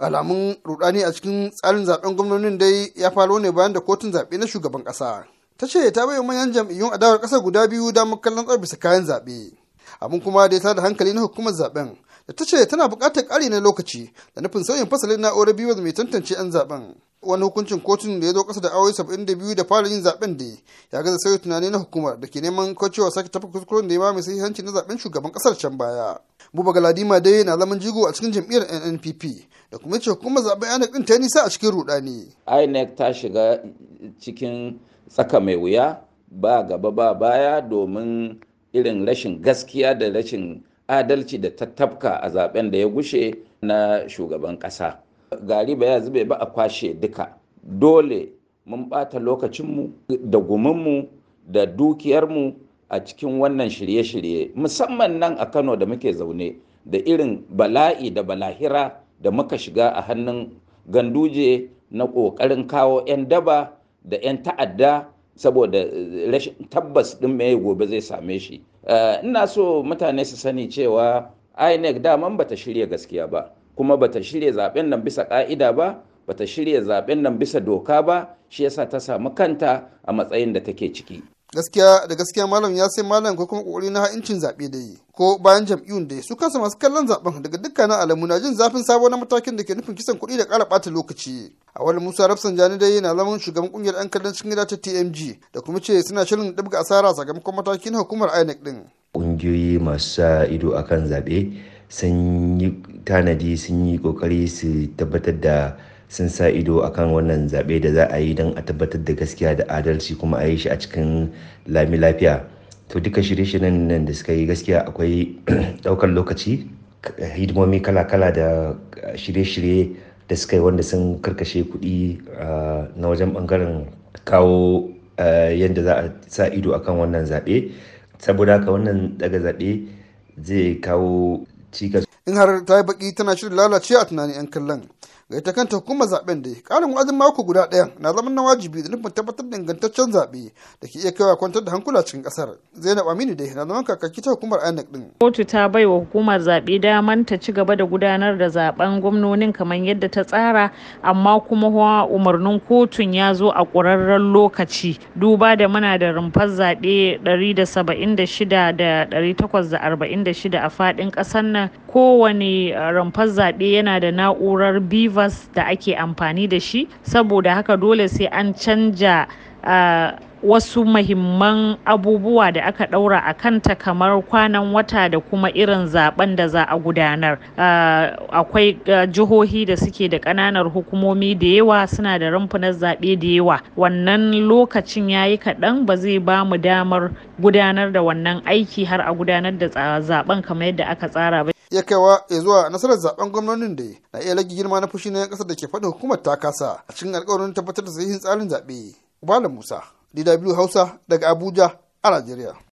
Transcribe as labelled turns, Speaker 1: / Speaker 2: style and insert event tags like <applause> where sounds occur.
Speaker 1: alamun rudani a cikin tsarin zaben gwamnonin dai ya faro ne bayan da kotun zabe na shugaban kasa ta ce ta bayyana manyan jam'iyyun adawar ƙasa guda biyu damar kallon tsar bisa kayan zaɓe abin kuma da ya tada hankali na hukumar zaben da ta ce tana buƙatar ƙari na lokaci da nufin sauyin fasalin na'urar biyu mai tantance 'yan zaben wani hukuncin kotun da ya zo kasa da awoyi saba'in da biyu da fara yin zaben da ya gaza sauyi tunani na hukumar da ke neman kwacewa sake tafi kuskuren da ya ba mai sahihanci na zaben shugaban ƙasar can baya buba galadima dai na zaman jigo a cikin jam'iyyar nnpp da kuma ce kuma zaɓen inec ɗin ta nisa a cikin rudani
Speaker 2: inec ta shiga cikin tsaka mai wuya ba gaba ba baya domin irin rashin gaskiya da rashin adalci da ta tafka a zaben da ya gushe na shugaban ƙasa gari ba ya zube ba a kwashe duka dole mun ɓata lokacinmu da guminmu da dukiyarmu a cikin wannan shirye-shirye musamman nan a kano da muke zaune da irin bala'i da balahira da muka shiga a hannun ganduje na ƙoƙarin kawo 'yan daba da 'yan ta'adda saboda eh, rashin tabbas ɗin mai gobe zai same shi eh, ina so mutane su sani cewa inec daman bata shirya gaskiya ba kuma bata shirya zaben nan bisa ƙa'ida ba bata shirya zaben nan bisa doka ba shi yasa ta samu kanta a matsayin da take ciki
Speaker 1: gaskiya da gaskiya malam ya sai malam ko kuma kokari na ha'incin zaɓe da yi ko bayan jam'iyyun da su kansa masu kallon zaben daga dukkanin alamu na jin zafin sabo na matakin da ke nufin kisan kuɗi da kara ɓata lokaci a wani musa jani dai na zaman shugaban kungiyar 'yan kallon cikin gida ta tmg da kuma ce suna shirin ɗabga asara sakamakon matakin hukumar inec din
Speaker 3: ƙungiyoyi masu sa ido akan zaɓe sun yi tanadi sun yi ƙoƙari su tabbatar da sun sa ido akan wannan zaɓe da za a yi don a tabbatar da gaskiya da adalci kuma a yi shi a cikin lami lafiya to duka shirye-shiryen nan da suka yi gaskiya akwai <clears throat> ɗaukar lokaci hidimomi kala-kala da shirye-shirye da suka yi wanda sun karkashe kuɗi na wajen ɓangaren kawo yadda za a sa ido akan wannan zaɓe saboda haka wannan daga zaɓe zai kawo cikas
Speaker 1: in har ta yi baki tana shirin lalace a tunanin 'yan kallon ga ita kanta hukumar zaben da karin wa'azin mako guda ɗaya na zaman na wajibi da nufin tabbatar da ingantaccen zaɓe da ke iya kaiwa kwantar da hankula cikin ƙasar zainab aminu dai na zaman kakaki ta hukumar inec
Speaker 4: din kotu ta bai wa hukumar zaɓe daman ta ci gaba da gudanar da zaben gwamnonin kamar yadda ta tsara amma kuma umarnin kotun ya zo a ƙurarren lokaci duba da muna da rumfar zaɓe 176 da 846 a faɗin ƙasar nan ko kowane uh, rumfar zaɓe yana da na'urar bivas da ake amfani da shi saboda haka dole sai an canja uh, wasu mahimman abubuwa da aka ɗaura a kanta kamar kwanan wata da kuma irin zaben da za a gudanar uh, akwai jihohi da suke da ƙananar hukumomi da yawa suna da rumfunan zaɓe da yawa wannan lokacin ya yi kaɗan ba zai ba mu damar gudanar da wannan aiki har a gudanar da zaɓen kamar yadda aka tsara ba
Speaker 1: iya kaiwa ya zuwa nasarar zaben gwamnonin da na iya lagi girma na fushi na kasar da ke faɗin hukumar ta kasa a cikin alkawarin tabbatar da sahihin tsarin zaɓe. Ubala Musa, DW Hausa daga Abuja a Najeriya.